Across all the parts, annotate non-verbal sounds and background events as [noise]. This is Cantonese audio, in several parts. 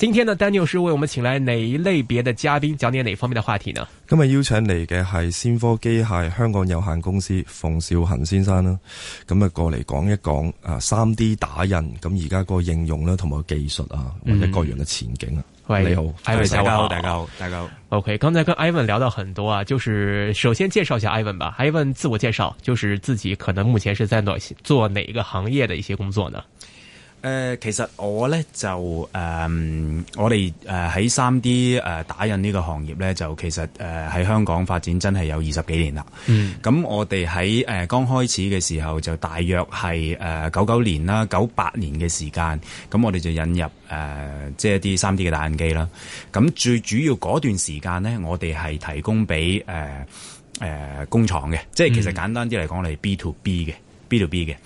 今天呢，Daniel 是為我們請來哪一類別的嘉賓，講點哪方面的話題呢？今日邀請嚟嘅係先科機械香港有限公司馮兆恒先生啦，咁啊過嚟講一講啊三 D 打印咁而家個應用啦，同埋技術啊，或者各樣嘅前景啊。嗯、你好艾文，大家好，大家好，大家好。大家好 OK，剛才跟 Ivan 聊到很多啊，就是首先介紹一下 Ivan 吧。Ivan 自我介紹，就是自己可能目前是在哪做哪一個行業的一些工作呢？誒、呃，其實我咧就誒、嗯，我哋誒喺三 D 誒、呃、打印呢個行業咧，就其實誒喺、呃、香港發展真係有二十幾年啦。嗯，咁我哋喺誒剛開始嘅時候，就大約係誒九九年啦，九八年嘅時間，咁我哋就引入誒即係一啲三 D 嘅打印機啦。咁最主要嗰段時間咧，我哋係提供俾誒、呃呃、工廠嘅，即係其實簡單啲嚟講，我哋係、嗯、B to B 嘅，B to B 嘅。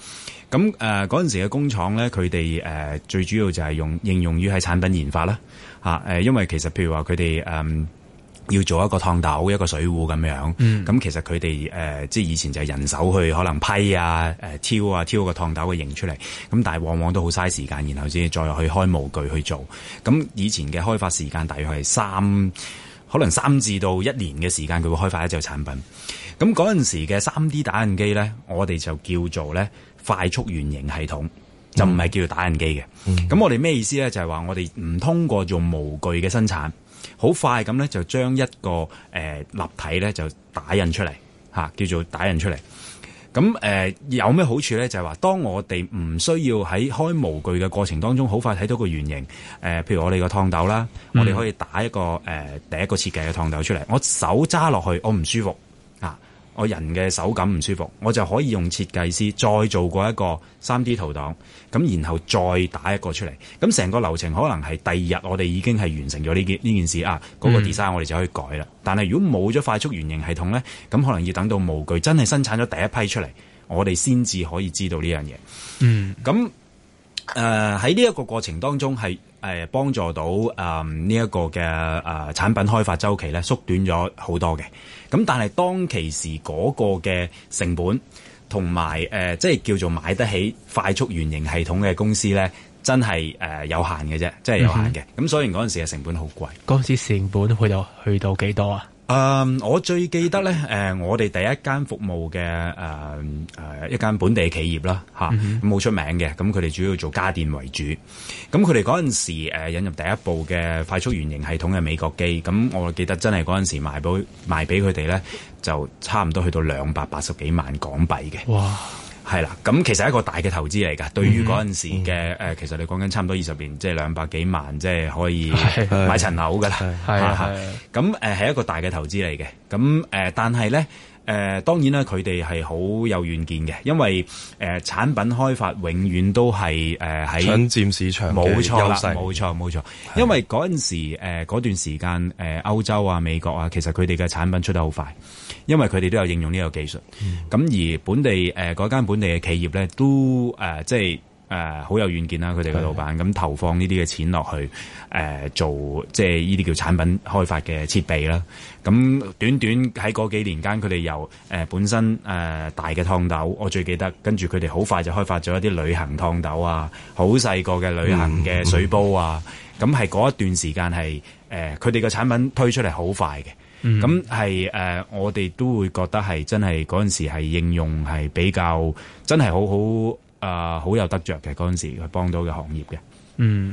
咁誒嗰陣時嘅工廠咧，佢哋誒最主要就係用應用於喺產品研發啦，嚇，因為其實譬如話佢哋誒要做一個熨斗、一個水壺咁樣，咁、嗯、其實佢哋誒即係以前就係人手去可能批啊誒挑啊挑個熨斗嘅型出嚟，咁但係往往都好嘥時間，然後先再去開模具去做。咁以前嘅開發時間大約係三可能三至到一年嘅時間，佢會開發一隻產品。咁嗰陣時嘅三 D 打印機咧，我哋就叫做咧。快速原型系統就唔係叫做打印機嘅，咁、嗯、我哋咩意思咧？就係、是、話我哋唔通過用模具嘅生產，好快咁咧就將一個誒、呃、立體咧就打印出嚟、啊，叫做打印出嚟。咁誒、呃、有咩好處咧？就係、是、話當我哋唔需要喺開模具嘅過程當中，好快睇到個原型。誒、呃，譬如我哋個熨斗啦，嗯、我哋可以打一個誒、呃、第一個設計嘅熨斗出嚟。我手揸落去，我唔舒服。我人嘅手感唔舒服，我就可以用設計師再做過一個三 D 圖檔，咁然後再打一個出嚟。咁成個流程可能係第二日，我哋已經係完成咗呢件呢件事啊。嗰個 design 我哋就可以改啦。嗯、但係如果冇咗快速原型系統呢，咁可能要等到模具真係生產咗第一批出嚟，我哋先至可以知道呢樣嘢。嗯，咁誒喺呢一個過程當中係。誒幫助到誒呢一個嘅、啊、產品開發周期咧縮短咗好多嘅，咁但係當其時嗰個嘅成本同埋誒，即係叫做買得起快速原型系統嘅公司咧，真係誒、呃、有限嘅啫，真係有限嘅。咁、嗯、所以嗰陣時嘅成本好貴，嗰陣時成本去到去到幾多啊？誒，um, 我最記得咧，誒、呃，我哋第一間服務嘅誒誒一間本地企業啦，嚇、啊，咁好出名嘅，咁佢哋主要做家電為主，咁佢哋嗰陣時、啊、引入第一部嘅快速原型系統嘅美國機，咁我記得真係嗰陣時賣俾賣俾佢哋咧，就差唔多去到兩百八十幾萬港幣嘅。哇。係啦，咁其實係一個大嘅投資嚟㗎，對於嗰陣時嘅誒，其實你講緊差唔多二十年，即係兩百幾萬，即係可以買層樓㗎啦，係係咁誒係一個大嘅投資嚟嘅，咁誒但係咧。誒、呃、當然啦，佢哋係好有遠見嘅，因為誒、呃、產品開發永遠都係誒喺搶佔市場。冇錯啦，冇錯，冇錯。錯是的 因為嗰陣時嗰、呃、段時間誒、呃、歐洲啊、美國啊，其實佢哋嘅產品出得好快，因為佢哋都有應用呢個技術。咁、嗯、而本地誒嗰間本地嘅企業咧，都誒、呃、即係。誒好、呃、有遠見啦！佢哋個老闆咁的投放呢啲嘅錢落去，誒、呃、做即係呢啲叫產品開發嘅設備啦。咁短短喺嗰幾年間，佢哋由誒、呃、本身誒、呃、大嘅熨斗，我最記得跟住佢哋好快就開發咗一啲旅行熨斗啊，好細個嘅旅行嘅水煲啊。咁係嗰一段時間係誒佢哋嘅產品推出嚟好快嘅，咁係誒我哋都會覺得係真係嗰陣時係應用係比較真係好好。啊，好有得着嘅嗰陣時，佢幫到嘅行業嘅，嗯。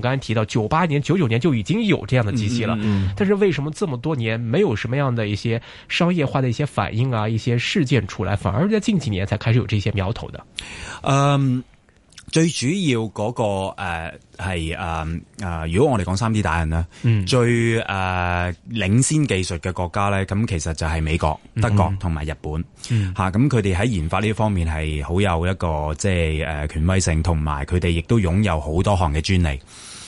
我剛才提到九八年、九九年就已經有這樣的機器了，嗯嗯、但是為什麼這麼多年沒有什麼樣的一些商業化的一些反應啊、一些事件出來，反而在近幾年才開始有這些苗頭的？嗯，最主要嗰、那個誒係誒誒，如果我哋講三 D 打印呢，嗯、最誒、呃、領先技術嘅國家呢，咁其實就係美國、德國同埋、嗯、日本吓，咁佢哋喺研發呢方面係好有一個即係誒、呃、權威性，同埋佢哋亦都擁有好多項嘅專利。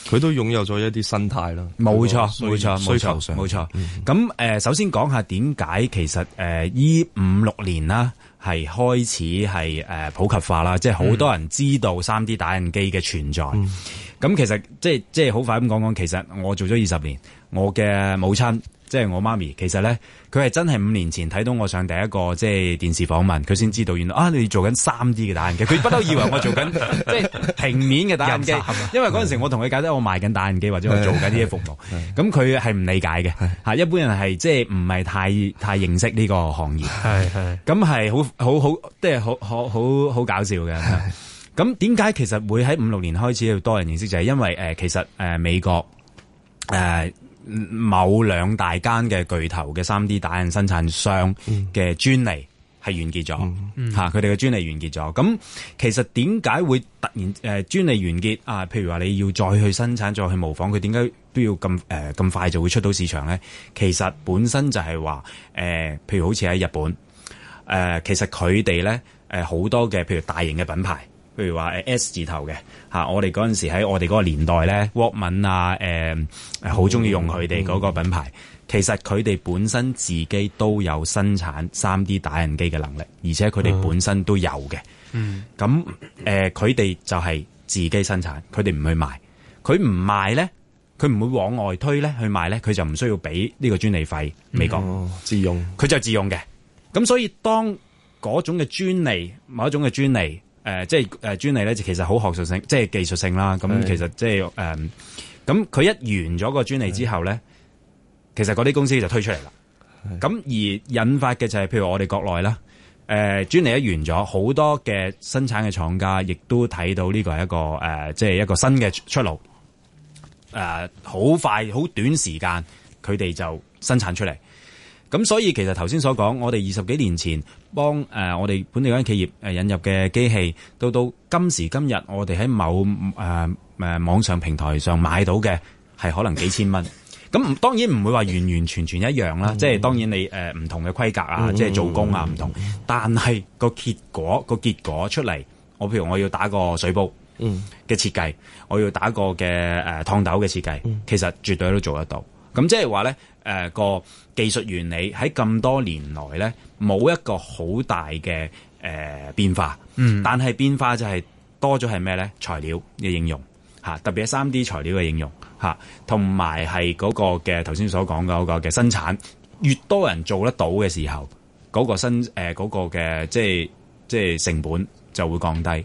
佢都擁有咗一啲生態咯，冇錯，冇錯，需衰求上冇錯。咁誒、嗯呃，首先講下點解其實誒依五六年啦，係開始係誒、呃、普及化啦，嗯、即係好多人知道三 D 打印機嘅存在。咁、嗯、其實即係即係好快咁講講，其實我做咗二十年，我嘅母親。即係我媽咪，其實咧，佢係真係五年前睇到我上第一個即係電視訪問，佢先知道原來啊，你做緊 3D 嘅打印機，佢不嬲以為我做緊即係平面嘅打印機，因為嗰陣時我同佢解釋，我賣緊打印機或者我做緊啲嘢服務，咁佢係唔理解嘅 [laughs] 一般人係即係唔係太太認識呢個行業，係咁係好好好，即係好好好好搞笑嘅。咁點解其實會喺五六年開始有多人認識就係、是、因為、呃、其實、呃、美國、呃某兩大間嘅巨頭嘅三 D 打印生產商嘅專利係完結咗嚇，佢哋嘅專利完結咗咁。其實點解會突然誒、呃、專利完結啊？譬如話你要再去生產，再去模仿，佢點解都要咁誒咁快就會出到市場咧？其實本身就係話誒，譬如好似喺日本誒、呃，其實佢哋咧誒好多嘅，譬如大型嘅品牌。譬如話誒 S 字頭嘅吓，我哋嗰陣時喺我哋嗰個年代咧，Walkman 啊，誒、嗯，好中意用佢哋嗰個品牌。嗯、其實佢哋本身自己都有生產三 D 打印機嘅能力，而且佢哋本身都有嘅、嗯嗯。嗯，咁誒，佢哋就係自己生產，佢哋唔去賣。佢唔賣咧，佢唔會往外推咧去賣咧，佢就唔需要俾呢個專利費。美國、嗯哦、自用，佢就自用嘅。咁所以當嗰種嘅專利，某一種嘅專利。誒，即係誒專利咧，其實好學術性，即係技術性啦。咁是的 其實即係誒，咁、呃、佢一完咗個專利之後咧，是的 其實嗰啲公司就推出嚟啦。咁是的 而引發嘅就係、是，譬如我哋國內啦，誒、呃、專利一完咗，好多嘅生產嘅廠家亦都睇到呢個係一個誒，即、呃、係、就是、一個新嘅出路。誒、呃，好快好短時間，佢哋就生產出嚟。咁所以其實頭先所講，我哋二十幾年前幫誒、呃、我哋本地嗰間企業引入嘅機器，到到今時今日我，我哋喺某誒誒網上平台上買到嘅，係可能幾千蚊。咁 [laughs] 當然唔會話完完全全一樣啦，即係、嗯、當然你誒唔、呃、同嘅規格啊，即係、嗯、做工啊唔同。但係個結果個結果出嚟，我譬如我要打個水煲嘅設計，嗯、我要打個嘅誒熨斗嘅設計，其實絕對都做得到。咁即係話咧誒個技術原理喺咁多年來咧，冇一個好大嘅誒、呃、變化。嗯，但係變化就係多咗係咩咧？材料嘅應用嚇，特別係三 D 材料嘅應用嚇，同埋係嗰個嘅頭先所講嘅嗰個嘅生產，越多人做得到嘅時候，嗰、嗰個新誒嘅、呃嗰個、即係即係成本就會降低。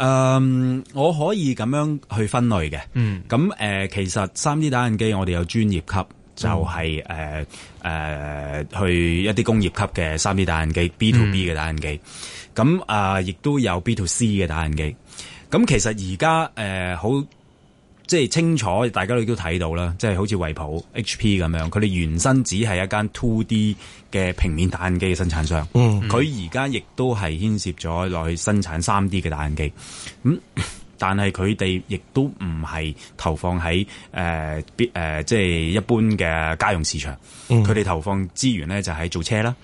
嗯，um, 我可以咁樣去分類嘅。嗯，咁誒、呃，其實三 D 打印機我哋有專業級，就係誒誒去一啲工業級嘅三 D 打印機 B to B 嘅打印機。咁啊、嗯呃，亦都有 B to C 嘅打印機。咁其實而家誒好。呃即係清楚，大家都亦都睇到啦。即係好似惠普 HP 咁樣，佢哋原身只係一間 2D 嘅平面打印機嘅生產商。嗯，佢而家亦都係牽涉咗落去生產 3D 嘅打印機。咁、嗯，但係佢哋亦都唔係投放喺誒邊，即係一般嘅家用市場。嗯，佢哋投放資源咧就係、是、做車啦，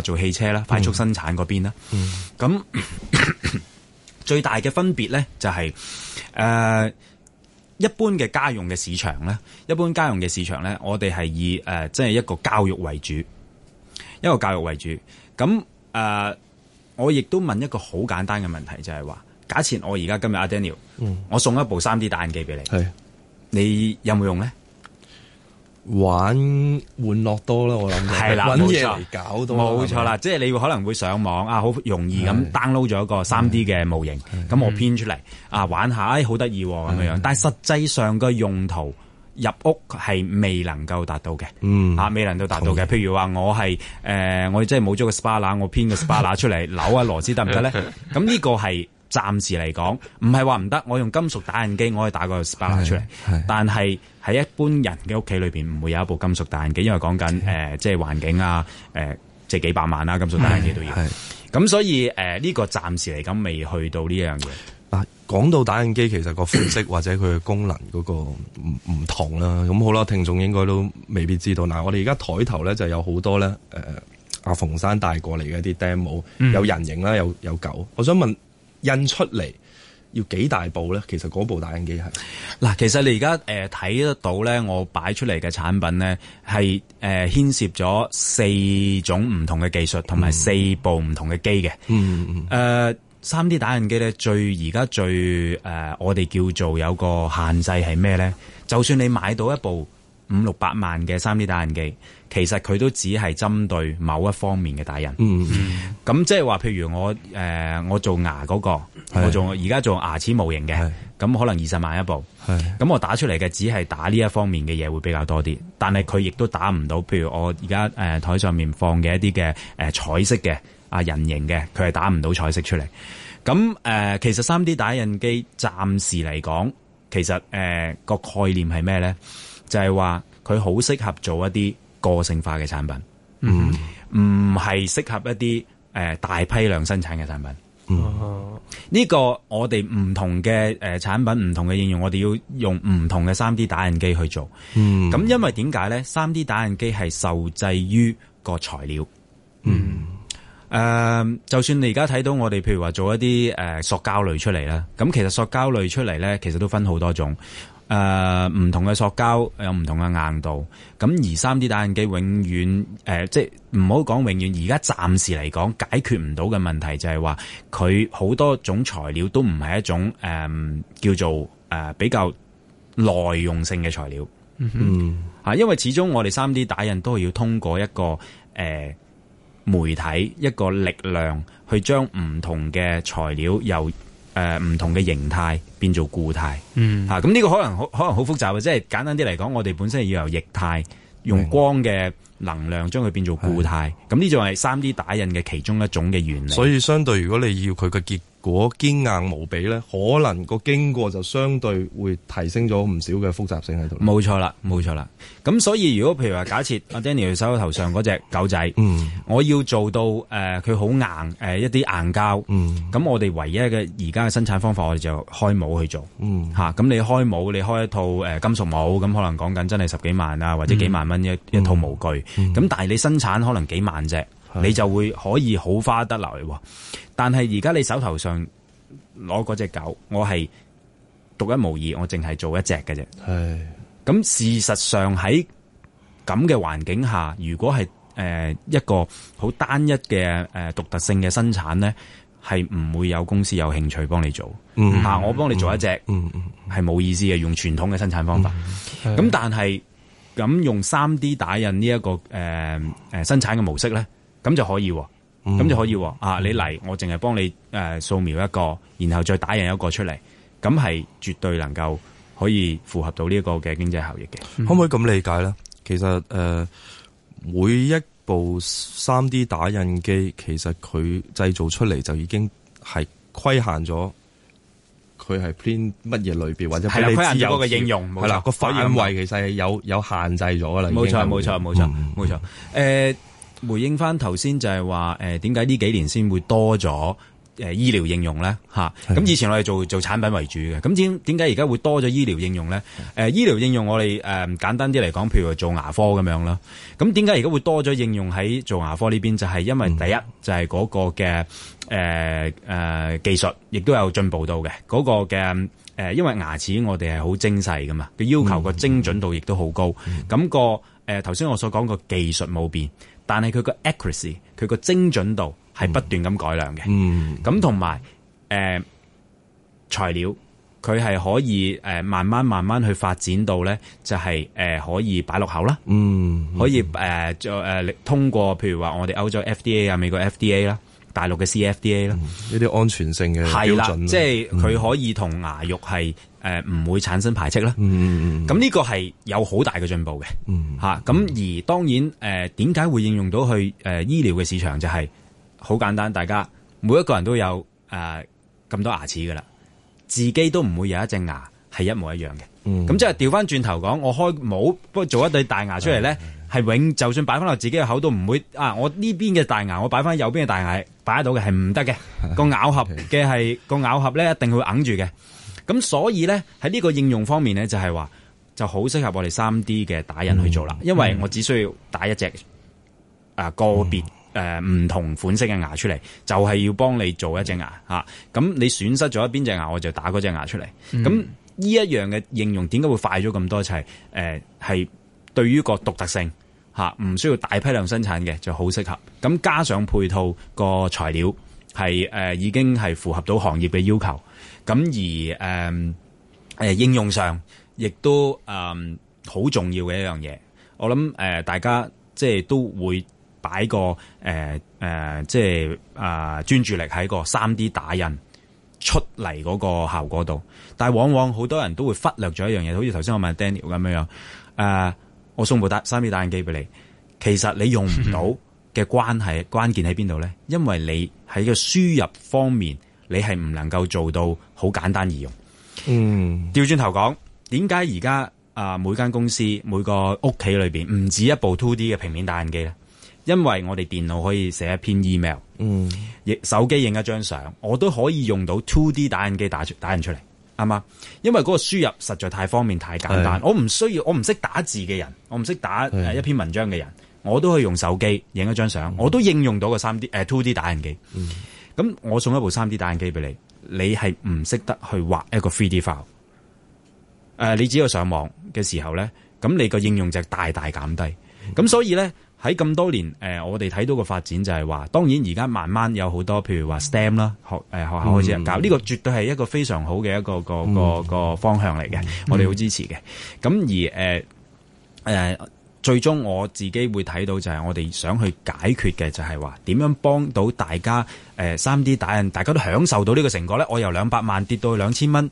做汽車啦，快速生產嗰邊啦、嗯。嗯，咁最大嘅分別咧就係、是、誒。呃一般嘅家用嘅市場咧，一般家用嘅市場咧，我哋係以誒即係一個教育為主，一個教育為主。咁誒、呃、我亦都問一個好簡單嘅問題，就係、是、話假設我而家今日阿 Daniel，、嗯、我送一部三 D 打印機俾你，係是，你有冇用咧？玩玩樂多啦，我諗係啦，搞到冇錯啦，即係你會可能會上網啊，好容易咁 download 咗一個三 D 嘅模型，咁我 print 出嚟啊玩下，哎好得意咁樣樣。但係實際上個用途入屋係未能夠達到嘅，嗯未能夠達到嘅。譬如話我係誒，我即係冇咗個 spanner，我 print 個 spanner 出嚟扭下螺絲得唔得咧？咁呢個係暫時嚟講，唔係話唔得。我用金屬打印機，我可以打個 spanner 出嚟，但係。喺一般人嘅屋企裏邊唔會有一部金屬打印機，因為講緊誒，即係環境啊，誒、呃，即係幾百萬啦、啊，金屬打印機都要。係咁所以誒，呢、呃呢個暫時嚟講未去到呢樣嘢。嗱、啊，講到打印機，其實個款式或者佢嘅功能嗰個唔唔同啦。咁好啦，聽眾應該都未必知道。嗱、啊，我哋而家台頭咧就有好多咧，誒、呃，阿馮生帶過嚟嘅一啲 demo，、嗯、有人形啦，有有狗。我想問印出嚟，要幾大部咧？其實嗰部打印機係嗱，其實你而家誒睇得到咧，我擺出嚟嘅產品咧係誒牽涉咗四種唔同嘅技術同埋四部唔同嘅機嘅。誒三、嗯嗯嗯呃、D 打印機咧，最而家最誒、呃、我哋叫做有個限制係咩咧？就算你買到一部五六百萬嘅 3D 打印機，其實佢都只係針對某一方面嘅打印。咁即係話，譬如我誒、呃、我做牙嗰、那個，是的 我做而家做牙齒模型嘅，咁是的 可能二十萬一部。咁是的 我打出嚟嘅只係打呢一方面嘅嘢會比較多啲，但係佢亦都打唔到。譬如我而家誒台上面放嘅一啲嘅誒彩色嘅啊人形嘅，佢係打唔到彩色出嚟。咁誒、呃，其實 3D 打印機暫時嚟講，其實誒個、呃、概念係咩咧？就係話佢好適合做一啲個性化嘅產品，唔唔係適合一啲誒大批量生產嘅產品。呢、嗯、個我哋唔同嘅誒產品，唔同嘅應用，我哋要用唔同嘅三 D 打印機去做。咁、嗯、因為點解呢？三 D 打印機係受制於個材料。嗯誒，uh, 就算你而家睇到我哋，譬如話做一啲誒、呃、塑膠類出嚟啦，咁其實塑膠類出嚟咧，其實都分好多種。誒、呃，唔同嘅塑膠有唔同嘅硬度。咁而三 D 打印機永遠，誒、呃，即係唔好講永遠，而家暫時嚟講解決唔到嘅問題就，就係話佢好多種材料都唔係一種誒、呃、叫做誒、呃、比較耐用性嘅材料。Mm hmm. 嗯，吓，因為始終我哋三 D 打印都係要通過一個誒。呃媒體一個力量去將唔同嘅材料，由誒呃，唔同嘅形態變做固態，吓，咁呢個可能好，可能好複雜嘅。即係簡單啲嚟講，我哋本身係要由液態用光嘅能量將佢變做固態，咁呢就係 3D 打印嘅其中一種嘅原理。所以相對，如果你要佢嘅結。如果堅硬無比咧，可能個經過就相對會提升咗唔少嘅複雜性喺度。冇錯啦，冇錯啦。咁所以如果譬如話假設阿 [laughs] Daniel 手頭上嗰隻狗仔，嗯、我要做到誒佢好硬誒、呃、一啲硬膠，嗯，咁我哋唯一嘅而家嘅生產方法，我哋就開模去做，嗯，咁、啊、你開模，你開一套誒金屬模，咁可能講緊真係十幾萬啊，或者幾萬蚊一、嗯、一套模具，咁、嗯嗯、但係你生產可能幾萬隻，的你就會可以好花得落嚟喎。但係而家你手頭上攞嗰隻狗，我係獨一無二，我淨係做一隻嘅啫。係咁是，事實上喺咁嘅環境下，如果係誒一個好單一嘅誒獨特性嘅生產咧，係唔會有公司有興趣幫你做。吓、嗯、我幫你做一隻，係係冇意思嘅。用傳統嘅生產方法，咁、嗯、但係咁用三 D 打印呢、這、一個誒誒、呃、生產嘅模式咧，咁就可以。咁、嗯、就可以啊！你嚟，我淨係幫你誒掃描一個，然後再打印一個出嚟，咁係絕對能夠可以符合到呢個嘅經濟效益嘅。嗯、可唔可以咁理解咧？其實誒、呃，每一部三 D 打印機，其實佢製造出嚟就已經係規限咗，佢係 plan 乜嘢類別或者係啦、那個，規限咗嗰個應用係啦，個範圍其實係有有限制咗噶啦。冇錯，冇錯，冇錯、嗯，冇錯。誒。嗯回應翻頭先就係話，誒、呃，點解呢幾年先會多咗誒、呃、醫療應用咧？吓、啊，咁以前我哋做做產品為主嘅，咁點點解而家會多咗醫療應用咧？誒、呃，醫療應用我哋誒、呃、簡單啲嚟講，譬如做牙科咁樣啦。咁點解而家會多咗應用喺做牙科呢邊？就係、是、因為第一、嗯、就係嗰個嘅誒誒技術，亦都有進步到嘅。嗰、那個嘅誒、呃，因為牙齒我哋係好精細噶嘛，佢要求個精準度亦都好高。咁、嗯嗯那個誒頭先我所講個技術冇變。但係佢個 accuracy，佢個精準度係不斷咁改良嘅。咁同埋誒材料，佢係可以慢慢慢慢去發展到咧、就係，就、呃、係可以擺落口啦、嗯。嗯，可以誒就誒通過，譬如話我哋歐洲 FDA 啊、美國 FDA 啦、大陸嘅 CFDA 啦、嗯，呢啲安全性嘅標準啦，即係佢可以同牙肉係。誒，唔、呃、會產生排斥啦、嗯。嗯，這這嗯嗯咁呢個係有好大嘅進步嘅。吓、啊，咁而當然，誒、呃，點解會應用到去誒、呃、醫療嘅市場、就是？就係好簡單，大家每一個人都有誒咁、呃、多牙齒噶啦，自己都唔會有一隻牙係一模一樣嘅。咁、嗯、即係調翻轉頭講，我開帽不過做一對大牙出嚟咧，係、嗯嗯嗯、永就算擺翻落自己嘅口都唔會啊！我呢邊嘅大牙，我擺翻右邊嘅大牙擺得到嘅係唔得嘅，嗯、個咬合嘅係、嗯嗯、個咬合咧一定會揞住嘅。咁所以呢，喺呢個應用方面呢，就係話就好適合我哋三 D 嘅打印去做啦，嗯、因為我只需要打一隻啊、個別誒唔同款式嘅牙出嚟，嗯、就係要幫你做一隻牙吓。咁、嗯啊、你損失咗邊隻牙，我就打嗰隻牙出嚟。咁呢一樣嘅應用點解會快咗咁多？就係誒係對於個獨特性吓，唔、啊、需要大批量生產嘅就好適合。咁加上配套個材料係誒、呃、已經係符合到行業嘅要求。咁而誒誒、嗯、應用上，亦都誒好重要嘅一樣嘢。我諗誒、呃、大家即係都會擺個誒、呃、即係啊、呃、專注力喺個三 D 打印出嚟嗰個效果度。但係往往好多人都會忽略咗一樣嘢，好似頭先我問 Daniel 咁樣樣、呃、我送部打三 D 打印機俾你，其實你用唔到嘅關係 [laughs] 關鍵喺邊度咧？因為你喺個輸入方面。你係唔能夠做到好簡單易用嗯？嗯，調轉頭講，點解而家啊每間公司每個屋企裏邊唔止一部 two D 嘅平面打印機咧？因為我哋電腦可以寫一篇 email，嗯，亦手機影一張相，我都可以用到 two D 打印機打出打印出嚟，啱嘛？因為嗰個輸入實在太方便太簡單，是的 我唔需要我唔識打字嘅人，我唔識打是的、uh, 一篇文章嘅人，我都可以用手機影一張相，嗯、我都應用到個三 D 誒 two D 打印機，嗯。咁我送一部三 D 打印機俾你，你係唔識得去畫一個 three D file，誒、呃，你只要上網嘅時候咧，咁你個應用就大大減低。咁所以咧喺咁多年，誒、呃，我哋睇到個發展就係話，當然而家慢慢有好多，譬如話 STEM 啦，學誒學校開始教呢、嗯、個，絕對係一個非常好嘅一個個個、嗯、個方向嚟嘅，我哋好支持嘅。咁而誒誒。呃呃最終我自己會睇到就係我哋想去解決嘅就係話點樣幫到大家誒三 D 打印，大家都享受到呢個成果咧。我由兩百萬跌到兩千蚊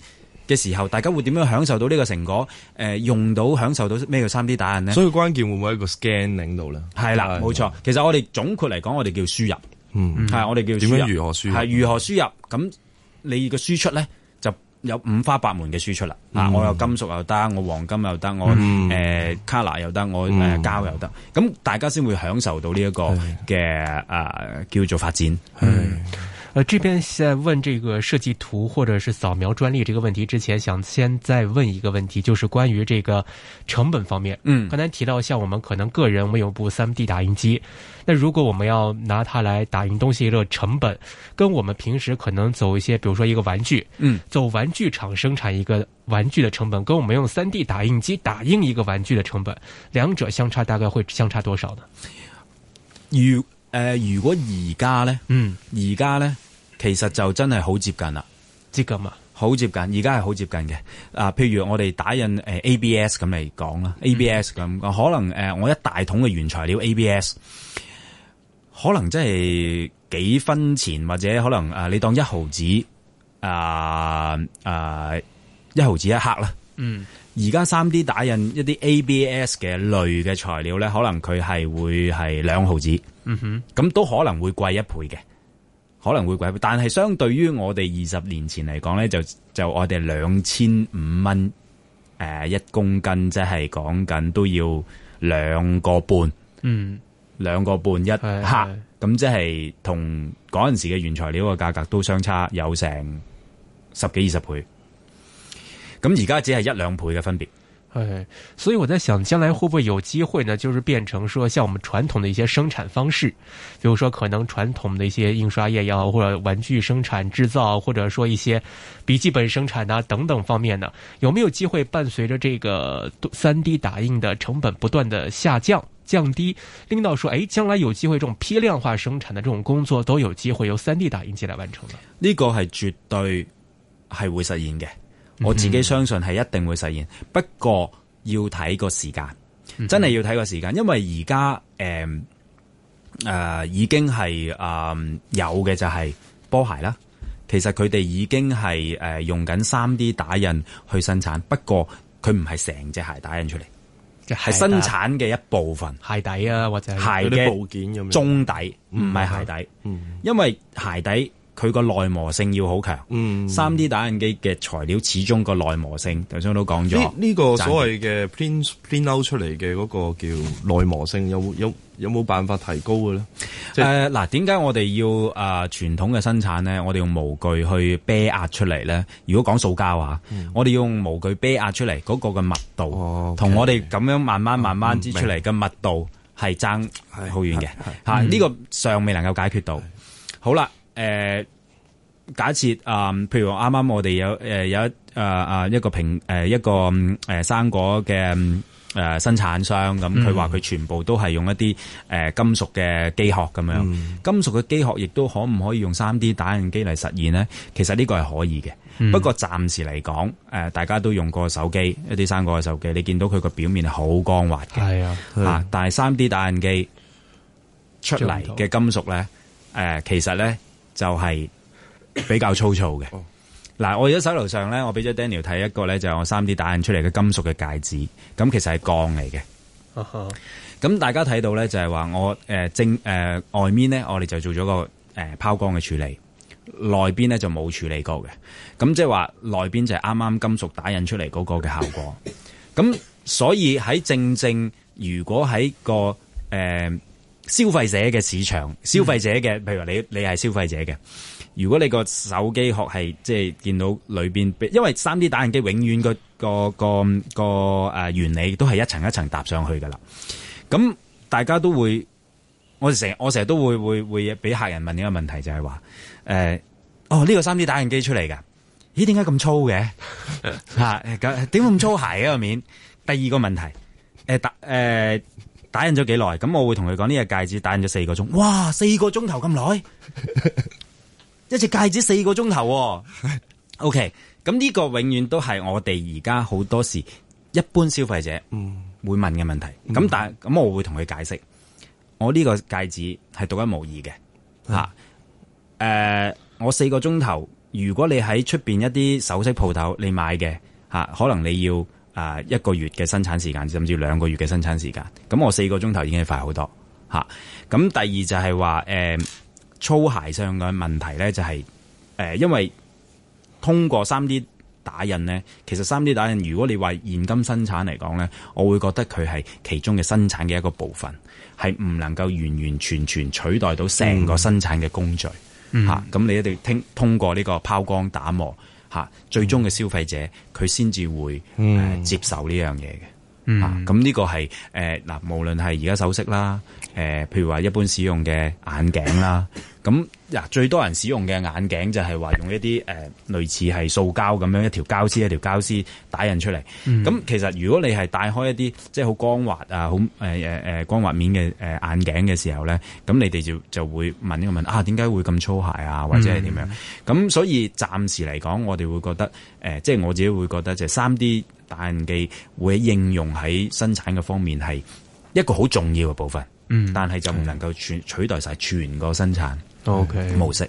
嘅時候，大家會點樣享受到呢個成果？誒、呃，用到享受到咩叫三 D 打印呢？所以關鍵會唔會喺個 scan 喺度咧？係啦，冇錯。其實我哋總括嚟講，我哋叫輸入，係、嗯、我哋叫點樣如何輸入？係如何輸入咁你個輸出咧？有五花八門嘅輸出啦，嗱、嗯啊，我有金屬又得，我黃金又得，我誒 color 又得，我誒膠又得，咁、呃嗯、大家先會享受到呢一個嘅誒的、啊、叫做發展。的的呃，這邊在問這個設計圖或者是掃描專利這個問題之前，想先再問一個問題，就是關於這個成本方面。嗯，剛才提到，像我們可能個人，我們有部 3D 打印機，那如果我們要拿它來打印東西的成本跟我們平時可能走一些，比如說一個玩具，嗯，走玩具廠生產一個玩具的成本，跟我們用 3D 打印機打印一個玩具的成本，兩者相差大概會相差多少呢？有。誒、呃，如果而家咧，嗯，而家咧，其實就真係好接近啦，接近啊，好接近，而家係好接近嘅。啊、呃，譬如我哋打印誒 ABS 咁嚟講啦，ABS 咁講，可能誒、呃，我一大桶嘅原材料 ABS，可能真係幾分錢，或者可能、呃、你當一毫子，啊、呃呃、一毫子一克啦。嗯，而家三 D 打印一啲 ABS 嘅類嘅材料咧，可能佢係會係兩毫紙，嗯哼，咁都可能會貴一倍嘅，可能會貴一倍。但係相對於我哋二十年前嚟講咧，就就我哋兩千五蚊誒一公斤，即係講緊都要兩個半，嗯，兩個半一克，咁即係同嗰陣時嘅原材料嘅價格都相差有成十幾二十倍。咁而家只係一兩倍嘅分別，係，所以我在想，將來會不會有機會呢？就是變成說，像我們傳統的一些生產方式，比如說可能傳統的一些印刷業也好，或者玩具生產製造，或者說一些筆記本生產啊等等方面呢，有沒有機會伴隨着這個三 D 打印的成本不斷的下降降低，令到說，誒，將來有機會，這種批量化生產的這種工作都有機會由三 D 打印機來完成呢，呢個係絕對係會實現嘅。我自己相信係一定會實現，嗯、哼不過要睇個時間，嗯、哼真係要睇個時間，因為而家誒誒已經係誒、呃、有嘅就係波鞋啦。其實佢哋已經係、呃、用緊三 D 打印去生產，不過佢唔係成隻鞋打印出嚟，係生產嘅一部分鞋底啊，或者鞋嘅部件咁樣，中底唔係鞋底，因為鞋底。佢個耐磨性要好強，三 D 打印機嘅材料始終個耐磨性，頭先我都講咗。呢個所謂嘅 print print out 出嚟嘅嗰個叫耐磨性，有有有冇辦法提高嘅咧？誒嗱，點解我哋要啊傳統嘅生產咧？我哋用模具去啤壓出嚟咧。如果講塑膠啊，我哋要用模具啤壓出嚟嗰個嘅密度，同我哋咁樣慢慢慢慢擠出嚟嘅密度係爭好遠嘅嚇。呢個尚未能夠解決到。好啦。誒、呃，假設啊、呃，譬如啱啱我哋有誒，有一啊啊一個蘋誒、呃、一個誒、呃、生果嘅誒、呃、生產商，咁佢話佢全部都係用一啲誒、呃、金屬嘅機殼咁樣，嗯、金屬嘅機殼亦都可唔可以用三 D 打印機嚟實現呢？其實呢個係可以嘅，嗯、不過暫時嚟講，誒、呃、大家都用過手機一啲生果嘅手機，你見到佢個表面好光滑嘅，係啊，啊，但係三 D 打印機出嚟嘅金屬咧，誒、呃，其實咧。就係比較粗糙嘅，嗱、oh.，我而家手頭上咧，我俾咗 Daniel 睇一個咧，就係，我 3D 打印出嚟嘅金屬嘅戒指，咁其實係鋼嚟嘅，咁，oh. 大家睇到咧就係話我誒、呃、正誒、呃、外面咧，我哋就做咗個誒拋、呃、光嘅處理，內邊咧就冇處理過嘅，咁即係話內邊就係啱啱金屬打印出嚟嗰個嘅效果，咁 [laughs] 所以喺正正如果喺個誒。呃消費者嘅市場，消費者嘅，譬如話你，你係消費者嘅。如果你個手機殼係即係見到裏邊，因為三 D 打印機永遠個個個個、呃、原理都係一層一層搭上去噶啦。咁大家都會，我成我成日都會會會俾客人問呢個問題，就係話誒，哦呢、呢個三 D 打印機出嚟噶，咦點解咁粗嘅？嚇、 [laughs] 啊，點咁粗鞋嘅個面？ [laughs] 第二個問題，誒、呃、特、呃打印咗幾耐？咁我會同佢講，呢隻戒指打印咗四個鐘，哇，四個鐘頭咁耐， [laughs] 一隻戒指四個鐘頭，哦。OK，咁呢個永遠都係我哋而家好多時一般消費者會問嘅問題。咁但係咁我會同佢解釋，我呢個戒指係獨一無二嘅。吓、嗯、誒、呃，我四個鐘頭，如果你喺出邊一啲首飾鋪頭你買嘅吓，可能你要。啊，一個月嘅生產時間，甚至兩個月嘅生產時間，咁我四個鐘頭已經快好多嚇。咁第二就係話，誒、呃，粗鞋上嘅問題呢、就是，就係誒，因為通過三 D 打印呢。其實三 D 打印如果你話現今生產嚟講呢，我會覺得佢係其中嘅生產嘅一個部分，係唔能夠完完全全取代到成個生產嘅工序嚇。咁、嗯嗯、你一定要聽通過呢個拋光打磨。嚇，最終嘅消費者佢先至會誒、嗯呃、接受呢樣嘢嘅。咁呢、嗯啊、個係誒嗱，無論係而家首飾啦，誒、呃，譬如話一般使用嘅眼鏡啦，咁嗱，最多人使用嘅眼鏡就係話用一啲誒、呃、類似係塑膠咁樣一條膠絲一條膠絲打印出嚟。咁、嗯、其實如果你係戴開一啲即係好光滑啊，好誒誒誒光滑面嘅誒眼鏡嘅時候咧，咁你哋就就會問呢個問啊，點解會咁粗鞋啊，或者係點樣？咁、嗯、所以暫時嚟講，我哋會覺得誒，即、呃、係、就是、我自己會覺得就 3D。打印機會應用喺生產嘅方面係一個好重要嘅部分，嗯，但係就唔能夠全取代晒全個生產，OK 模式。Okay.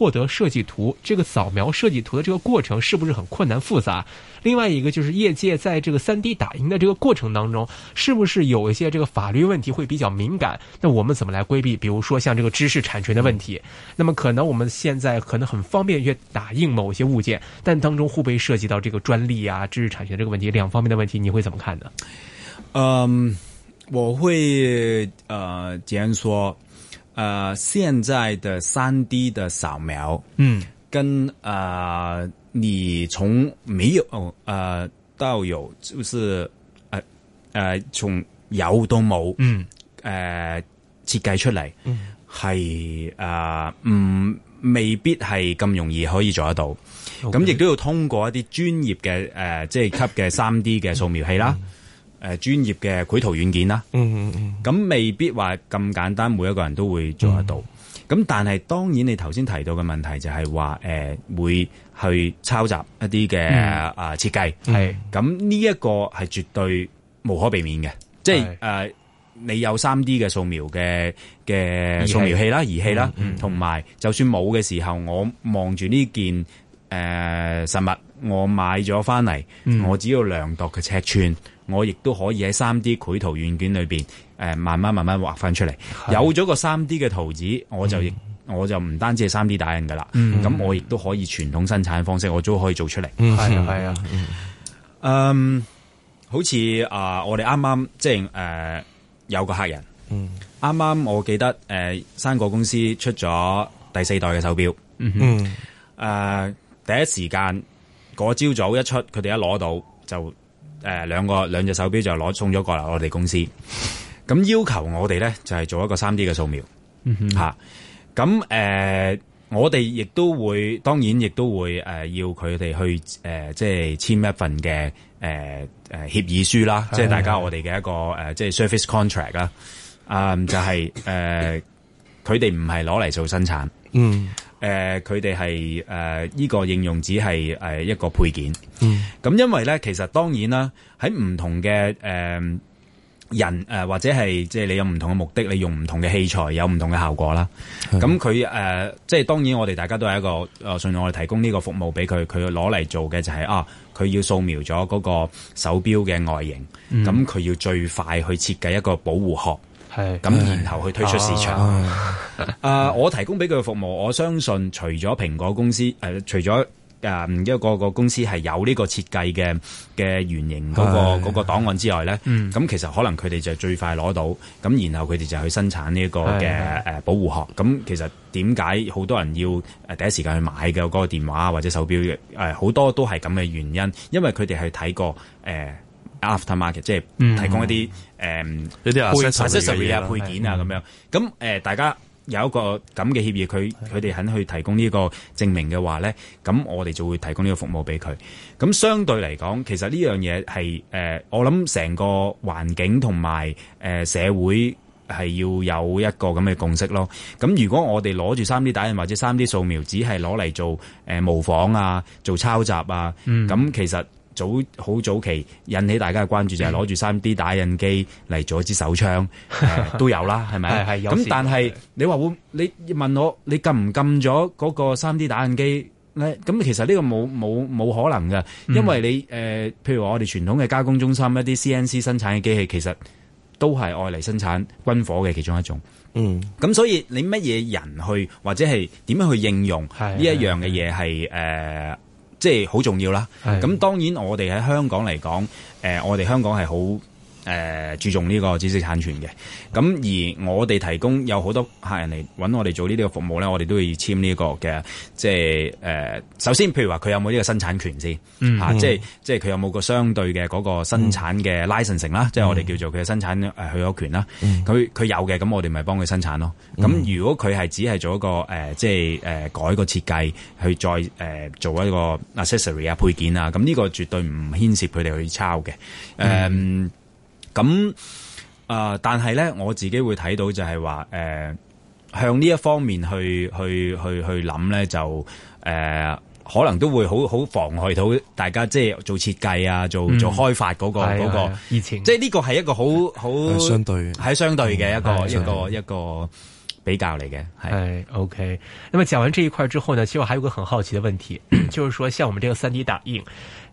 獲得設計圖，這個掃描設計圖的這個過程是不是很困難複雜？另外一個就是，業界在這個三 D 打印的這個過程當中，是不是有一些這個法律問題會比較敏感？那我們怎麼來規避？比如說像這個知識產權的問題，那麼可能我們現在可能很方便去打印某些物件，但當中會不會涉及到這個專利啊、知識產權的這個問題兩方面的問題？你會怎麼看呢？嗯，我會呃，簡說。誒、呃，現在的三 D 的掃描，嗯，跟誒、呃、你從沒有誒、哦呃、到有，就是誒誒、呃呃、從有到冇，嗯，誒設計出嚟，嗯，係誒唔未必係咁容易可以做得到，咁亦都要通過一啲專業嘅誒、呃、即係級嘅三 D 嘅掃描器啦。 [laughs] 嗯誒專業嘅繪圖軟件啦，咁、嗯嗯、未必話咁簡單，每一個人都會做得到。咁、嗯、但係當然，你頭先提到嘅問題就係話誒會去抄襲一啲嘅啊設計係咁呢一個係絕對無可避免嘅，即係誒你有三 D 嘅掃描嘅嘅掃描器啦，儀器啦，同埋、嗯嗯、就算冇嘅時候，我望住呢件誒、呃、實物，我買咗翻嚟，嗯、我只要量度嘅尺寸。我亦都可以喺三 D 繪圖軟件裏邊，誒、呃，慢慢慢慢畫翻出嚟。的有咗個三 D 嘅圖紙，我就，嗯、我就唔單止係三 D 打印噶啦。咁、嗯、我亦都可以傳統生產方式，我都可以做出嚟。係啊係啊，好似啊、呃，我哋啱啱即係誒、呃，有個客人，啱啱、嗯、我記得誒，生果、呃、公司出咗第四代嘅手表，誒、嗯嗯呃，第一時間嗰朝早一出，佢哋一攞到就。誒，兩個兩隻手表就攞送咗過嚟我哋公司，咁要求我哋咧就係、是、做一個三 D 嘅掃描，吓、嗯哼，咁誒、啊呃，我哋亦都會，當然亦都會誒、呃，要佢哋去誒、呃，即係簽一份嘅誒誒協議書啦的、呃，即係大家我哋嘅一個誒，即係 service contract 啦，啊，就係、是、誒，佢哋唔係攞嚟做生產，嗯。誒佢哋係誒呢個應用只係、呃、一個配件。嗯，咁因為咧，其實當然啦，喺唔同嘅誒、呃、人誒、呃，或者係即係你有唔同嘅目的，你用唔同嘅器材有唔同嘅效果啦。咁佢誒，即係當然，我哋大家都係一個，我信我哋提供呢個服務俾佢，佢攞嚟做嘅就係、是、啊，佢要掃描咗嗰個手錶嘅外形，咁佢、嗯、要最快去設計一個保護殼。係，咁是然後去推出市場。誒、嗯，我提供俾佢嘅服務，我相信除咗蘋果公司，誒、呃，除咗誒、呃、一個一個公司係有呢個設計嘅嘅原型嗰、那個嗰是個檔案之外咧，咁、嗯、其實可能佢哋就最快攞到，咁然後佢哋就去生產呢個嘅誒保護殼。咁是其實點解好多人要誒第一時間去買嘅嗰個電話或者手表嘅？誒、呃，好多都係咁嘅原因，因為佢哋係睇過誒。呃 Aftermarket 即係提供一啲誒，啲啊，accessory 配件啊，咁樣。咁誒，大家有一個咁嘅協議，佢佢哋肯去提供呢個證明嘅話咧，咁我哋就會提供呢個服務俾佢。咁相對嚟講，其實呢樣嘢係誒，我諗成個環境同埋誒社會係要有一個咁嘅共識咯。咁如果我哋攞住三 D 打印或者三 D 掃描，只係攞嚟做、呃、模仿啊，做抄襲啊，咁、嗯、其實。早好早期引起大家嘅關注就係攞住三 D 打印機嚟做一支手槍、 [laughs] 呃、都有啦，係咪？係有。咁但係你話會，你問我你禁唔禁撳唔撳咗嗰個三 D 打印機咧？咁其實呢個冇冇冇可能㗎，因為你誒、呃，譬如我哋傳統嘅加工中心一啲 CNC 生產嘅機器，其實都係愛嚟生產軍火嘅其中一種。嗯。咁所以你乜嘢人去或者係點樣去應用呢 [laughs] 一樣嘅嘢係誒？ [laughs] 呃即係好重要啦。咁當然我哋喺香港嚟講，誒，我哋香港係好，誒，注重呢個知識產權嘅，咁而我哋提供有好多客人嚟搵我哋做呢啲嘅服務咧，我哋都會簽呢個嘅，即係誒、呃，首先譬如話佢有冇呢個生產權先，吓，即係即係佢有冇個相對嘅嗰個生產嘅 licensing 啦，嗯，即係我哋叫做佢嘅生產誒許可權啦，佢佢，嗯，有嘅，咁我哋咪幫佢生產咯。咁，嗯，如果佢係只係做一個誒、呃，即係誒、呃、改個設計去再誒、呃、做一個 accessory 啊配件啊，咁呢個絕對唔牽涉佢哋去抄嘅，誒、嗯。嗯咁啊、呃！但係咧，我自己會睇到就係話，誒、呃，向呢一方面去去去去諗咧，就誒、呃，可能都會好好妨害到大家，即係做設計啊，做做開發嗰、那個嗰、嗯那個，疫情，即係呢個係一個好好、哎、相對，係相對嘅一個、哎、呀一個,對一,個一個比較嚟嘅。係、哎、OK。咁啊，講完呢一塊之後呢，其實我還有個很好奇嘅問題， [coughs] 就是說，像我們這個三 D 打印。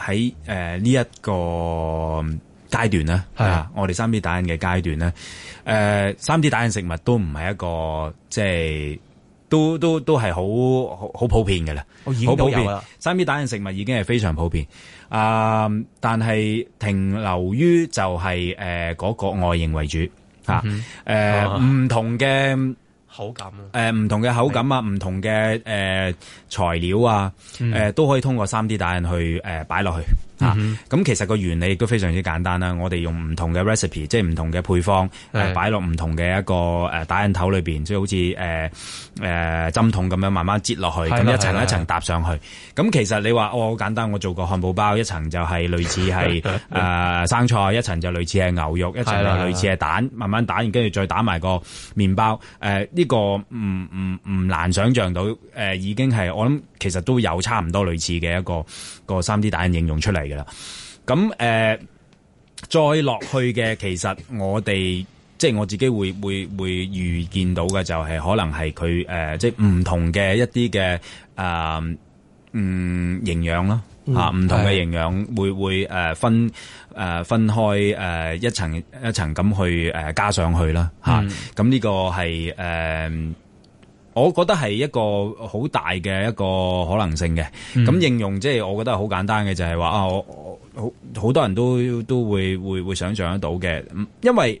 喺誒呢一個階段咧，係啊，係啊，我哋三 D 打印嘅階段咧，誒、呃、三 D 打印食物都唔係一個即係都都都係好好普遍嘅啦，好、哦、普遍。三 D 打印食物已經係非常普遍，呃、但係停留於就係誒嗰個外形為主嚇，誒唔同嘅。口感，誒，唔同嘅口感啊，唔同嘅誒是呃材料啊，誒嗯呃都可以通過三 D 打印去誒擺落去。咁、嗯、其實個原理都非常之簡單啦。我哋用唔同嘅 recipe，即係唔同嘅配方，擺落唔同嘅一個打印頭裏面，即係好似誒誒針筒咁樣慢慢擠落去，咁的一層一層搭上去。咁其實你話哦，好簡單，我做個漢堡包，一層就係類似係誒、 [laughs] 呃、生菜，一層就類似係牛肉，一層就類似係蛋，的慢慢打完跟住再打埋個麵包。誒、呃、呢、呢個唔唔唔難想像到，誒、呃、已經係我諗。其實都有差唔多類似嘅一個個三 D 打印應用出嚟㗎喇，咁誒再落去嘅，其實我哋即係我自己會會會預見到嘅，就係可能係佢誒即係唔同嘅一啲嘅誒嗯營養啦啊，唔同嘅營養會會誒分、誒分開誒一層一層咁去誒加上去啦吓，咁呢個係誒。我覺得係一個好大嘅一個可能性嘅，咁應用即係我覺得好簡單嘅，就係話啊，我，我好好多人都都會會會想像得到嘅，因為。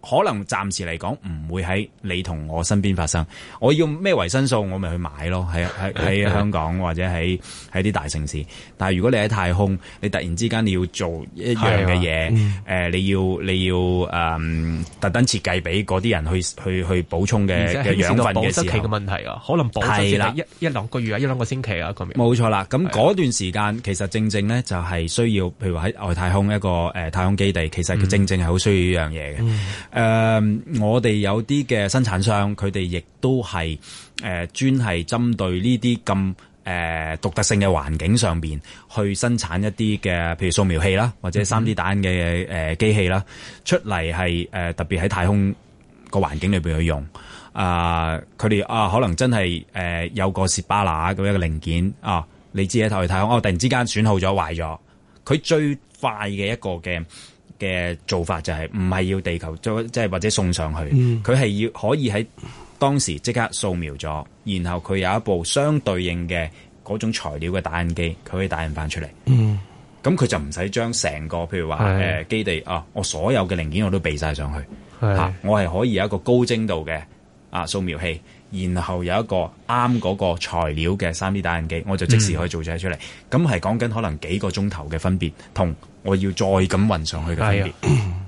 可能暫時嚟講唔會喺你同我身邊發生。我要咩維生素，我咪去買咯。喺喺喺香港 [laughs] 或者喺喺啲大城市。但如果你喺太空，你突然之間你要做一樣嘅嘢，誒、啊呃，你要你要誒、嗯、特登設計俾嗰啲人去去去補充嘅養、嗯、分嘅時候，儲氣嘅問題啊，可能係啦、啊，一一兩個月啊，一兩個星期啊，一個冇錯啦。咁嗰段時間、啊、其實正正咧就係需要，譬如話喺外太空一個、呃、太空基地，其實佢正正係好需要呢樣嘢嘅。嗯嗯。誒、呃，我哋有啲嘅生產商，佢哋亦都係誒專係針對呢啲咁誒獨特性嘅環境上邊，去生產一啲嘅，譬如掃描器啦，或者三 D 打印嘅誒機器啦，出嚟係誒特別喺太空個環境裏邊去用。啊、呃，佢哋啊可能真係誒、呃、有個蝕巴拿咁樣嘅零件啊，你知喺去太空，我、哦、突然之間損耗咗壞咗，佢最快嘅一個嘅。嘅做法就係唔係要地球即係或者送上去，佢係、嗯、要可以喺當時即刻掃描咗，然後佢有一部相對應嘅嗰種材料嘅打印機，佢可以打印翻出嚟。咁佢、嗯、就唔使將成個譬如話誒的、呃、基地啊，我所有嘅零件我都備晒上去的、啊、我係可以有一個高精度嘅啊掃描器，然後有一個啱嗰個材料嘅三 D 打印機，我就即時可以做曬出嚟。咁係講緊可能幾個鐘頭嘅分別同，我要再咁運上去嘅分別，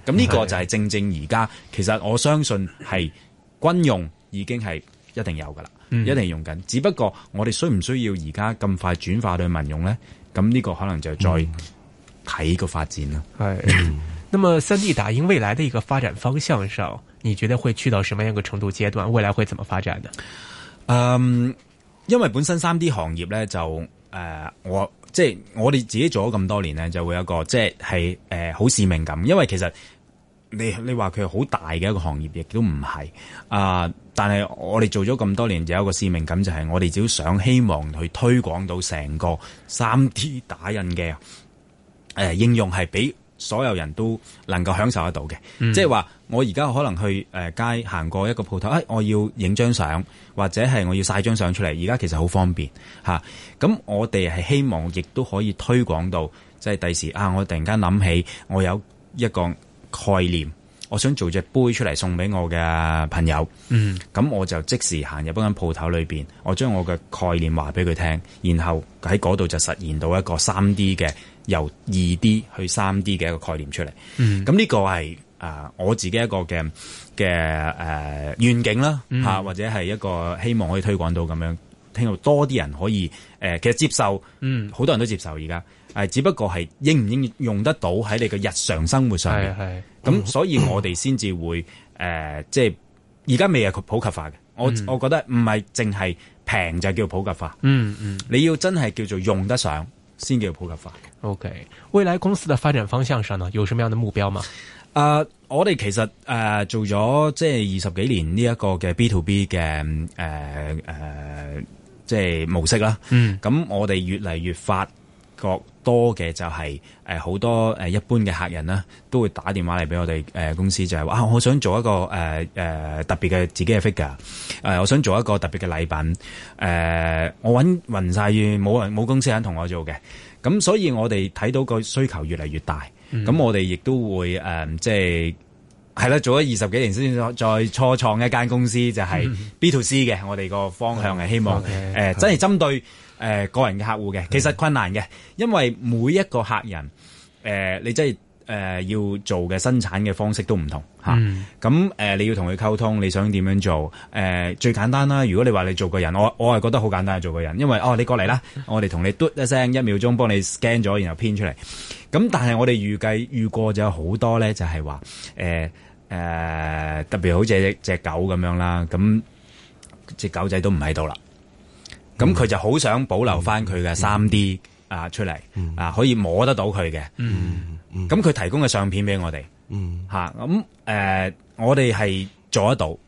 咁呢、哎、呦個就係正正而家，哎、呦其實我相信係軍用已經係一定有噶啦，嗯、一定用緊。只不過我哋需唔需要而家咁快轉化去民用咧？咁呢個可能就再睇個發展啦。係、嗯。 [laughs] 那麼三 D 打印未來嘅一個發展方向上，你覺得會去到什麼樣嘅程度階段？未來會怎麼發展呢？嗯，因為本身三 D 行業咧就誒、呃、我。即係我哋自己做咗咁多年咧，就會有一個即係誒好使命感，因為其實你你話佢係好大嘅一個行業亦都唔係啊，但係我哋做咗咁多年，就有一個使命感，就係我哋只要想希望去推廣到成個三 D 打印嘅誒、呃、應用係俾所有人都能夠享受得到嘅，即係話我而家可能去誒街行過一個鋪頭，誒、啊、我要影張相，或者係我要晒張相出嚟。而家其實好方便吓咁、啊、我哋係希望亦都可以推廣到，即係第時啊！我突然間諗起我有一個概念，我想做隻杯出嚟送俾我嘅朋友。嗯，咁我就即時行入嗰間鋪頭裏面，我將我嘅概念話俾佢聽，然後喺嗰度就實現到一個三 D 嘅。由二 D 去三 D 嘅一個概念出嚟，咁呢、嗯、個係誒、呃、我自己一個嘅嘅誒願景啦吓，嗯、或者係一個希望可以推廣到咁樣，聽到多啲人可以誒、呃，其實接受，好多人都接受而家，係、呃、只不過係應唔應用得到喺你嘅日常生活上面，咁所以我哋先至會誒、 [coughs] 呃，即係而家未係普及化嘅。我、嗯、我覺得唔係淨係平就叫普及化，嗯嗯，嗯你要真係叫做用得上先叫普及化。OK，未來公司的發展方向上呢，有什麼樣的目標嗎？誒，我哋其實誒做咗即係二十幾年呢一個嘅 B to B 嘅誒誒，即係模式啦。嗯，咁我哋越嚟越發覺多嘅就係誒好多誒一般嘅客人啦，都會打電話嚟俾我哋誒、呃、公司、就是，就係話啊，我想做一個誒誒、呃呃、特別嘅自己嘅 figure，誒、呃，我想做一個特別嘅禮品，誒、呃，我搵勻晒，冇人冇公司肯同我做嘅。咁所以我哋睇到個需求越嚟越大，咁、嗯、我哋亦都會誒，即係係啦，做咗二十幾年先再初創一間公司，就係、是、B to C 嘅，我哋個方向係、嗯、希望誒 okay,、呃，真係針對誒 okay.、呃、個人嘅客戶嘅。其實困難嘅，嗯、因為每一個客人誒、呃，你真係。誒、呃、要做嘅生產嘅方式都唔同嚇，咁誒、嗯啊呃、你要同佢溝通，你想點樣做？誒、呃、最簡單啦，如果你話你做個人，我我係覺得好簡單做個人，因為哦你過嚟啦，我哋同你嘟一聲，一秒鐘幫你 scan 咗，然後編出嚟。咁、嗯、但係我哋預計預過咗好多咧，就係話誒特別好似隻狗咁樣啦，咁隻狗仔都唔喺度啦，咁佢就好想保留返佢嘅三 D、嗯。嗯啊，出嚟、嗯、啊，可以摸得到佢嘅，咁佢、嗯嗯、提供嘅相片俾我哋，吓咁誒，我哋係做得到，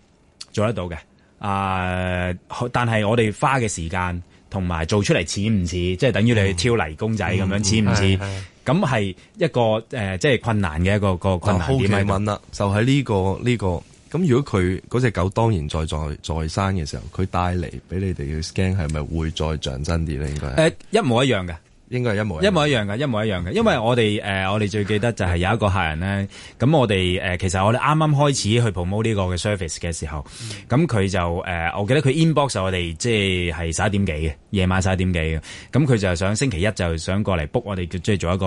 做得到嘅。啊，但係我哋花嘅時間同埋做出嚟似唔似，即係等於你去跳泥公仔咁樣似唔似？咁係、嗯嗯、一個誒、呃，即係困難嘅一個一個困難點樣揾啦？就喺呢個呢個。咁、這個、如果佢嗰隻狗當然在再在生嘅時候，佢帶嚟俾你哋嘅 scan 係咪會再像真啲咧？應該誒一、啊、一模一樣嘅。應該係一模一模一樣嘅，一模一樣嘅，因為我哋誒、呃，我哋最記得就係有一個客人咧。咁 [laughs] 我哋誒、呃，其實我哋啱啱開始去 promote 呢個嘅 service 嘅時候，咁佢、嗯、就誒、呃，我記得佢 inbox 我哋即係係十一點幾嘅夜晚，十一點幾嘅。咁佢就想星期一就想過嚟 book 我哋即係做一個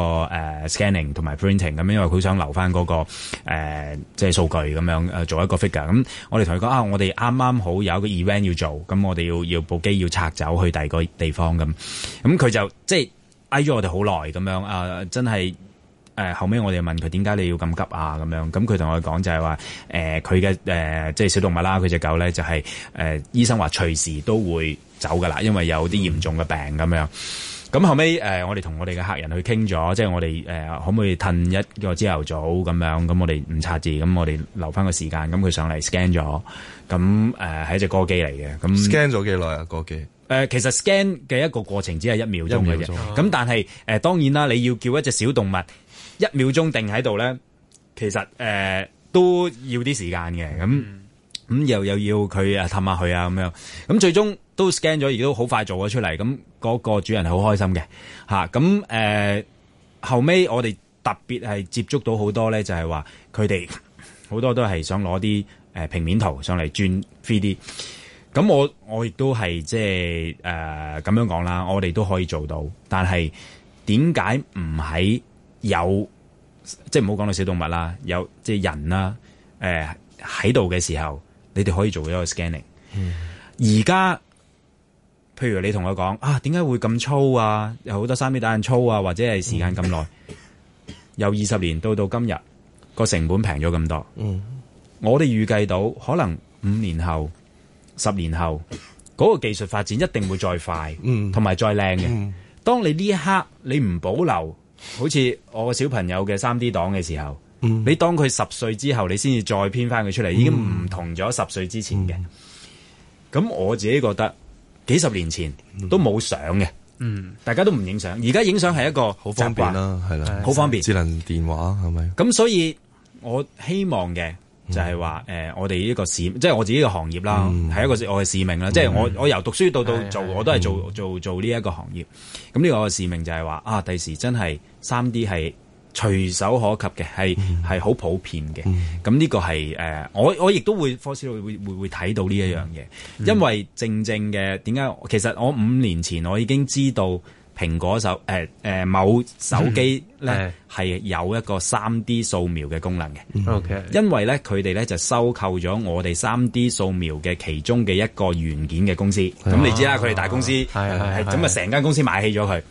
scanning 同埋 printing 咁，因為佢想留翻、那、嗰個、呃、即係數據咁樣做一個 figure。咁我哋同佢講啊，我哋啱啱好有一個 event 要做，咁我哋要要部機要拆走去第二個地方咁。咁佢就即係。挨咗我哋好耐咁樣，誒、啊，真係誒、啊，後尾我哋問佢點解你要咁急啊？咁樣，咁佢同我講就係話，誒、呃，佢嘅誒，即、呃、係、就是、小動物啦，佢隻狗咧就係、是，誒、呃，醫生話隨時都會走噶啦，因為有啲嚴重嘅病咁樣。咁後尾誒、呃，我哋同我哋嘅客人去傾咗，即係我哋誒、呃，可唔可以褪一個朝頭早咁樣？咁我哋唔擦字，咁我哋留翻個時間，咁佢上嚟 scan 咗，咁誒係一隻歌機嚟嘅，咁 scan 咗幾耐啊？歌機。誒、呃，其實 scan 嘅一個過程只係一秒鐘嘅啫，咁但係誒、呃，當然啦，你要叫一隻小動物一秒鐘定喺度咧，其實誒、呃、都要啲時間嘅，咁咁又又要佢啊氹下佢啊咁樣，咁最終都 scan 咗，亦都好快做咗出嚟，咁嗰個主人係好開心嘅，吓、啊，咁、呃、誒後尾我哋特別係接觸到好多咧，就係話佢哋好多都係想攞啲誒平面圖上嚟轉 3D。咁我我亦都係即係誒咁樣講啦，我哋、呃、都可以做到。但係點解唔喺有即係唔好講到小動物啦，有即係人啦，誒喺度嘅時候，你哋可以做一個 scanning。而家、嗯、譬如你同我講啊，點解會咁粗啊？有好多三 D 打印粗啊，或者係時間咁耐，嗯、由二十年到到今日個成本平咗咁多。嗯、我哋預計到可能五年後。十年後嗰個技術發展一定會再快，同埋、嗯、再靚嘅。嗯、當你呢一刻你唔保留，好似我個小朋友嘅三 D 檔嘅時候，嗯、你當佢十歲之後，你先至再編翻佢出嚟，嗯、已經唔同咗十歲之前嘅。咁、嗯、我自己覺得，幾十年前都冇相嘅，嗯，大家都唔影相。而家影相係一個好方便啦、啊，係啦，好方便，的智能電話係咪？咁所以我希望嘅。就係話誒，我哋呢個市，即係我自己個行業啦，係、嗯、一個我嘅使命啦。嗯、即係我我由讀書到到做，的我都係做的做做呢一個行業。咁、嗯、呢、這個我嘅使命就係話啊，第時真係三 D 係隨手可及嘅，係係好普遍嘅。咁呢、嗯嗯、個係誒、呃，我我亦都會開始會會會睇到呢一樣嘢，嗯、因為正正嘅點解？其實我五年前我已經知道。蘋果手誒誒、呃、某手機咧係 [laughs] 是有一個三 D 掃描嘅功能嘅，Okay. 因為咧佢哋咧就收購咗我哋三 D 掃描嘅其中嘅一個軟件嘅公司，咁、哦嗯、你知啦、啊，佢哋大公司，係咁啊成間公司買起咗佢。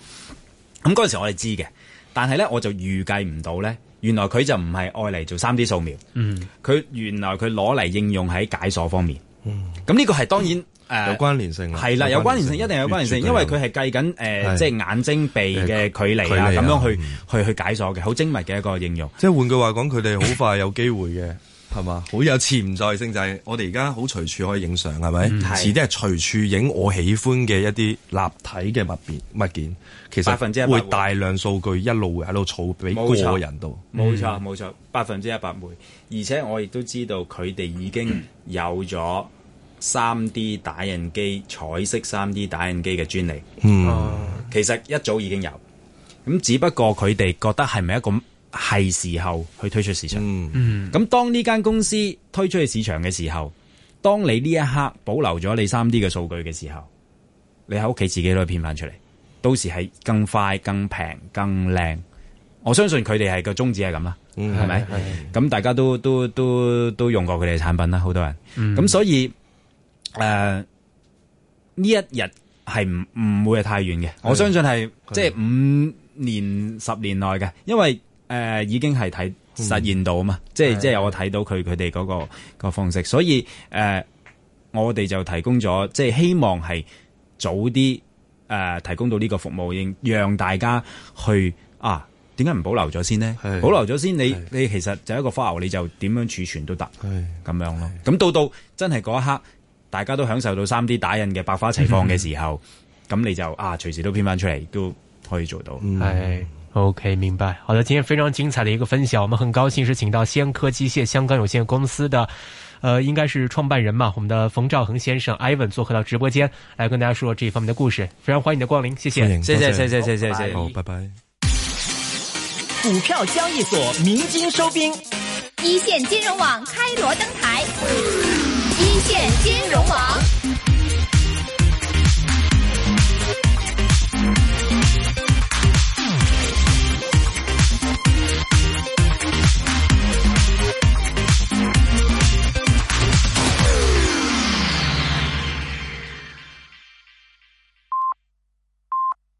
咁嗰陣時我哋知嘅，但係咧我就預計唔到咧，原來佢就唔係愛嚟做三 D 掃描，嗯，佢原來佢攞嚟應用喺解鎖方面，嗯，咁呢、嗯、個係當然。誒，有關聯性係啦，有關聯性一定有關聯性，因為佢係計緊誒，即係眼睛鼻嘅距離啦，咁樣去去去解鎖嘅，好精密嘅一個應用。即係換句話講，佢哋好快有機會嘅，係嘛？好有潛在性就係，我哋而家好隨處可以影相，係咪？遲啲係隨處影我喜歡嘅一啲立體嘅物物件，其實會大量數據一路會喺度儲俾個人度。冇錯冇錯，百分之一百會。而且我亦都知道佢哋已經有咗。三 D 打印機，彩色三 D 打印機嘅專利，嗯，其實一早已經有，咁只不過佢哋覺得係咪一個係時候去推出市場？嗯，咁當呢間公司推出去市場嘅時候，當你呢一刻保留咗你三 D 嘅數據嘅時候，你喺屋企自己都可以編翻出嚟，到時係更快、更平、更靚。我相信佢哋係個宗旨係咁啦，係咪、嗯？咁的大家都都都都用過佢哋嘅產品啦，好多人，咁、嗯、所以。誒，呢、呃、一日係唔唔會係太遠嘅，的我相信係即係五年、十的年內嘅，因為誒、呃、已經係睇實現到嘛，嗯、即係即係我睇到佢佢哋嗰個、那個方式，所以誒、呃、我哋就提供咗，即係希望係早啲誒、呃、提供到呢個服務，讓讓大家去啊？點解唔保留咗先呢？的保留咗先，你的你其實就係一個 file，你就點樣儲存都得，咁的樣咯。咁的到到真係嗰一刻。大家都享受到三 D 打印嘅百花齊放嘅時候，咁、嗯、你就啊隨時都編翻出嚟，都可以做到。係、嗯、OK 明白。好的，今天非常精彩的一個分享，我們很高興是請到先科機械香港有限公司的，呃，應該是創辦人嘛，我們的馮兆恆先生，Ivan 做客到直播間，來跟大家說這一方面的故事。非常歡迎你的光臨，謝謝，謝，謝謝，謝謝好，謝謝拜，好，拜拜。拜拜，股票交易所鳴金收兵，一線金融網開鑼登台。一線金融王。